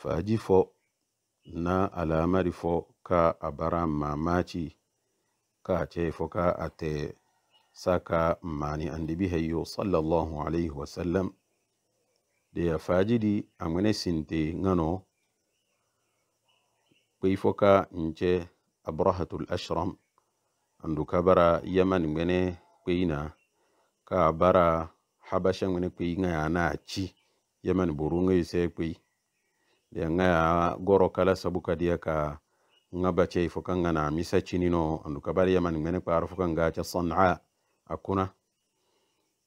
faji fo na alamari fo ka abara bara mamaci ka a fo ka ate saka mani andibi hayyo sallallahu alaihi wasallam de ya faji di amene sinte ngano kpei fɔ ka abrahatul ashram andu kabara yaman yamani ŋmene kpei na ka a bara habasha ŋmene ya na a ci yamani boru ŋa yangaya goro kala sabu kadiya ka nga bacei fo kan gana misa cinino andu kabari yamani mene kwaro fo kan gaca sana akuna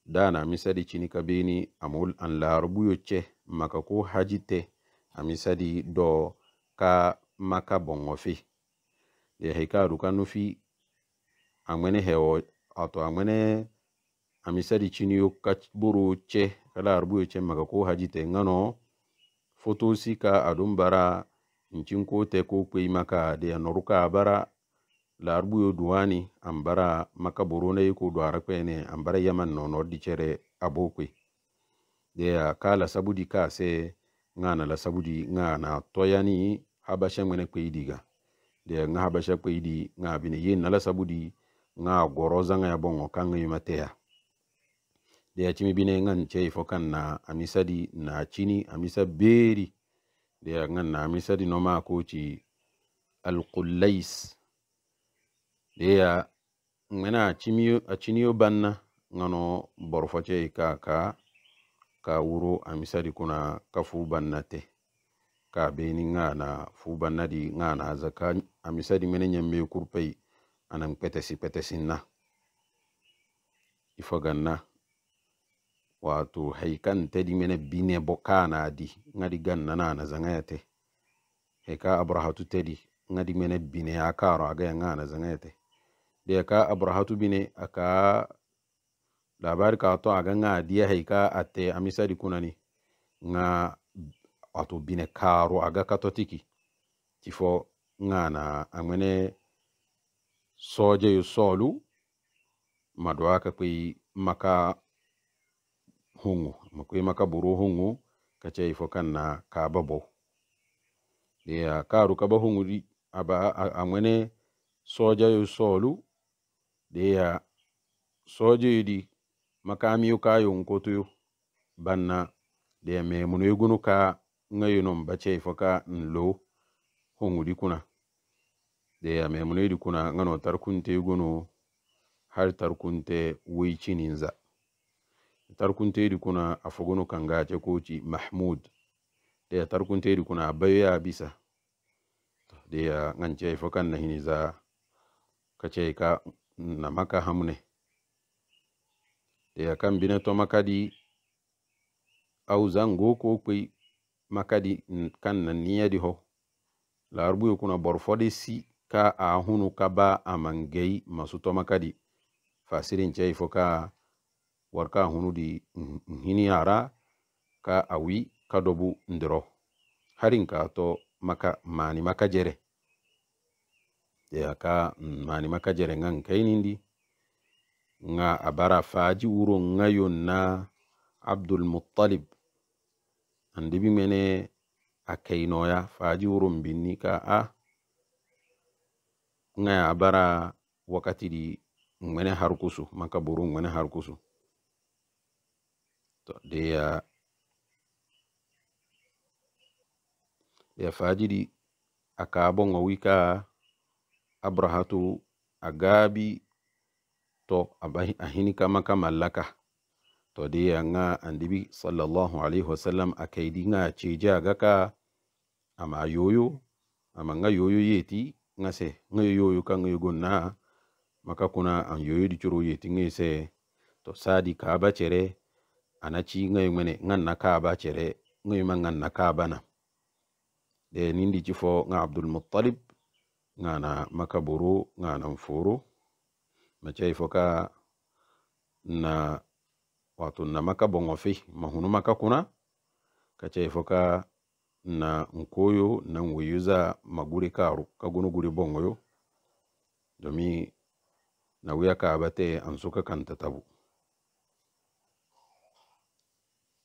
dana misa di cini kabini amul an larubu yocce maka ko hajite amisa di do ka maka bongo fi ya heka ruka nufi amene hewo ato amene amisa di cini yo kaburu ce kala arbu yocce maka ko hajite ngano foto si ka adum bara ncinko te ko kpei maka de anoru ka bara larbu yo duwani an bara maka borona ye ko duara kpene an bara yaman nonor di cere abo kpei de a ka lasabudi ka se ŋa na lasabudi ŋa na toyani habasha ŋmene kpei diga de ŋa habasha kpei di ŋa bine ye na lasabudi ŋa goro zaŋa ya boŋo kaŋ ŋa yumateya de ya cimi bine ngan cei fo kan na amisadi na cini amisa beri de ya ngan na amisadi noma koci alqullais de ya ŋmena a ciniyo banna ŋano borfo cei ka ka ka wuro amisadi kuna ka fu banna te ka beni ŋa fu banna di ŋa na zaka amisadi mene ñembe kurpei anan kpetesi kpetesin na ifo ganna wato haikantedi mene bine di bo gan nana na zangayate heka abrahatu tedi ŋadi mene bine akaro agaya na zangayate de ka abrahatu bine aka labari ka to aga nga diya heka ate di kunani nga wato bine karo aga katotiki tifo ŋana aŋmene sojeyo solu madwaka kwi maka hongo makui maka buru hongo kace ifo kanna kababo ya karu kaba hongo di aba amwene soja yu solu de ya soja di makami yo kayo nkotu yu banna de ya memunu gunu ka ngayu no mbache ifo ka nlo hongo di kuna de ya memunu di kuna ngano tarkunte gunu har tarkunte wichininza tarkunteri kuna afogono kanga ce koci mahmud de ya tarkunteri kuna bayoya bisa de ya ngance ifo kan na hiniza za ka na maka hamne de ya kan bina to makadi au zango ko kwe makadi kan na niya di ho la larbu kuna borfode si ka ahunu ka ba amangei masu to makadi fasirin ce ifo ka warka hunu di hini ara ka awi ka dobu ndro harin ka to maka mani maka jere ya ka mani maka jere ngan kainindi nga abara faji wuro ngayo na abdul muttalib andibi mene a ya faji urung mbini ka a ah, nga abara wakati di mene harukusu maka burung mene harukusu. to ndiya ndiya faajiɗi a kaabon o wi'ka abrahatu a gaabi to a hinika maka mallaka to ndiya nga andibi sallallahu alayhi wasallam a kaydinga ceji aga ka ama yoyo ama nga yoyo yeti nga se ngayo yoyo ka ngayo gon na maka kuna an yoyo ɗi coro yeti ngayo se to saadi kaaba cere anachi ngai mene ngan nakaba chere ngai man ngan nakaba na de nindi ci fo nga abdul muttalib ngana makaburu ngana mfuru macai fo na wato na maka bongo fi mahunu maka kuna kacai fo na nkoyo na nguyuza maguri karu kagunu guri bongo yo domi na wiya kabate ansuka kanta tabu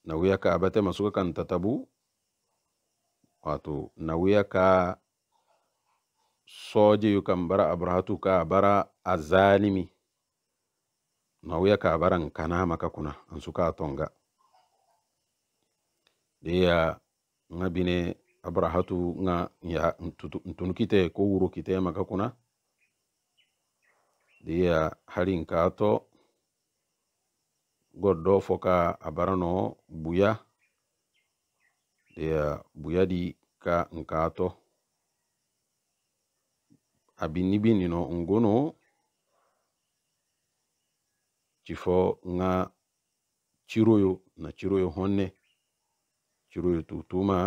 nawiya ka abate masu kan tatabu wato nawiya ka soje yu kan bara abrahatu ka bara azalimi nawiya ka bara kana maka kuna an suka tonga deya nga bine abrahatu nga ya ntunu ko wuro kite maka kuna deya harin ka to goddo foka abarano buya deya buyadi ka nkato abinibinino ngono cifo nga ciroyo na ciroyo honne ciroyo tutuma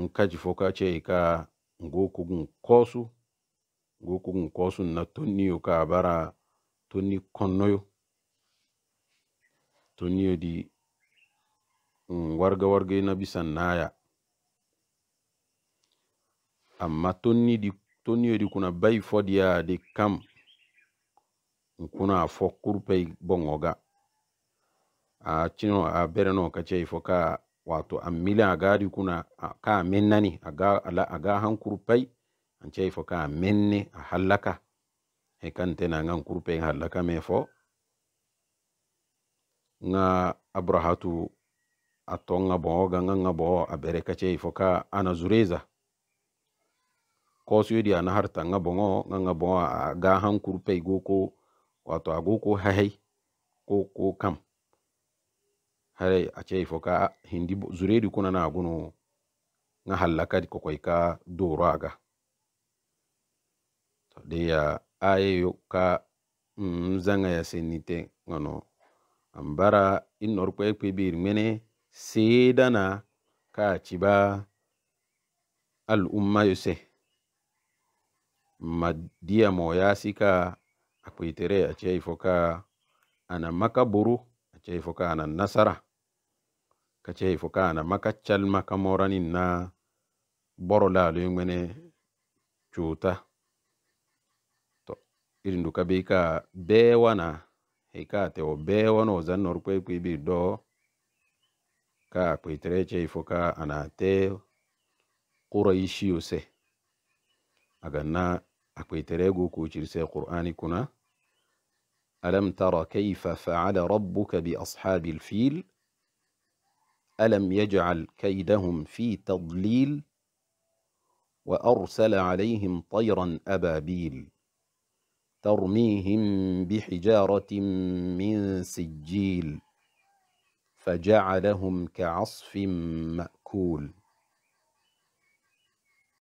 nka cifo ka cei ka ngo kugun kosu ngo kugun kosu na tonniyo ka bara tonni konnoyo tonni di mm, warga warga ina bisan naya amma tonni di tonni yodi kuna bai fodiya de kam kuna fo kurpei bongoga a cino a bereno kace fo ka wato an mila a gadi kuna ka mennani aga ala aga hankurpai an ce fo ka menne a hallaka e na ngan kurpen halla kame mefo nga abrahatu a nga bo ga nga nga bo a bere kace ifo ka ana zureza kosu yudi ana harta nga bongo nga nga bo a ga han kurpe goko wato a goko hahai ko ko kam hare a ce ifo ka hindi zuredi kuna na guno nga halaka di koy ka doro aga to de ya aye yoka mzanga mm, ya senite ngono ambara inor kwe kwibir mene sedana ka al al'umma yose madia moya sika akwitere ace ifoka ana maka buru ifoka ana nasara kace ifoka ana maka calma na borola lalo mene cuta iri nduka be ika bewana ika te o bewana o zan nor kwe kwe bi do ka kwe treche ifo ka anate quraishi yose aganna akwe terego ku chirse qur'ani kuna ألم تر كيف فعل ربك بأصحاب الفيل ألم يجعل كيدهم في تضليل وأرسل عليهم طيرا أبابيل ترميهم بحجارة من سجيل فجعلهم كعصف مأكول